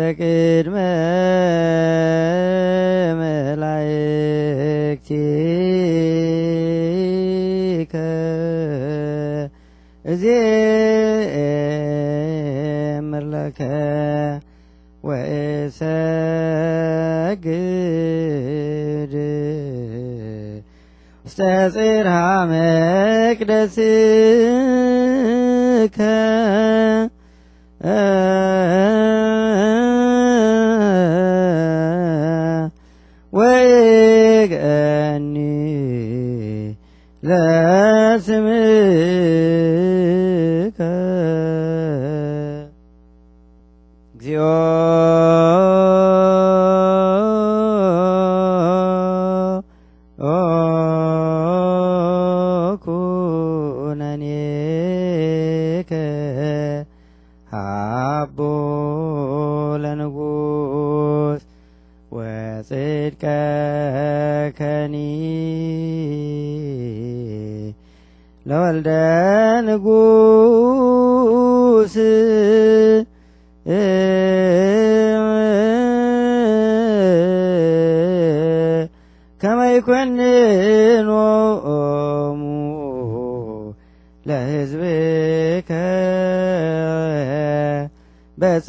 በቅድመ መላእክቲከ እዜምር ለከ ወእሰግድ ውስተ ጽርሐ መቅደስከ ወይገኒ ለስምከ እግዚኦ ኩነኔከ ሃቦ ለንጉ ጽድቀከኒ ለወልደ ንጉሥ ከመይኮንኖሙ ለሕዝብከ በጽ